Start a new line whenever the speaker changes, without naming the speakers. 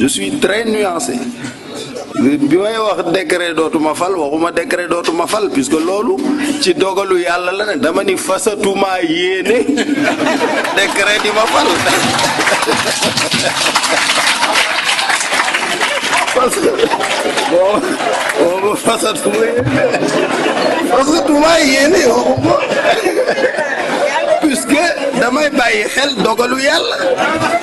je suis très nuancé bi may wax décret dootuma fal waxuma décret dootuma fal puisque loolu ci dogalu yàlla la ne dama ni fasatuma yéene décret di fal
parce boobu fasatuma yéene waxuma
puisque damay bàyyi xel dogalu yàlla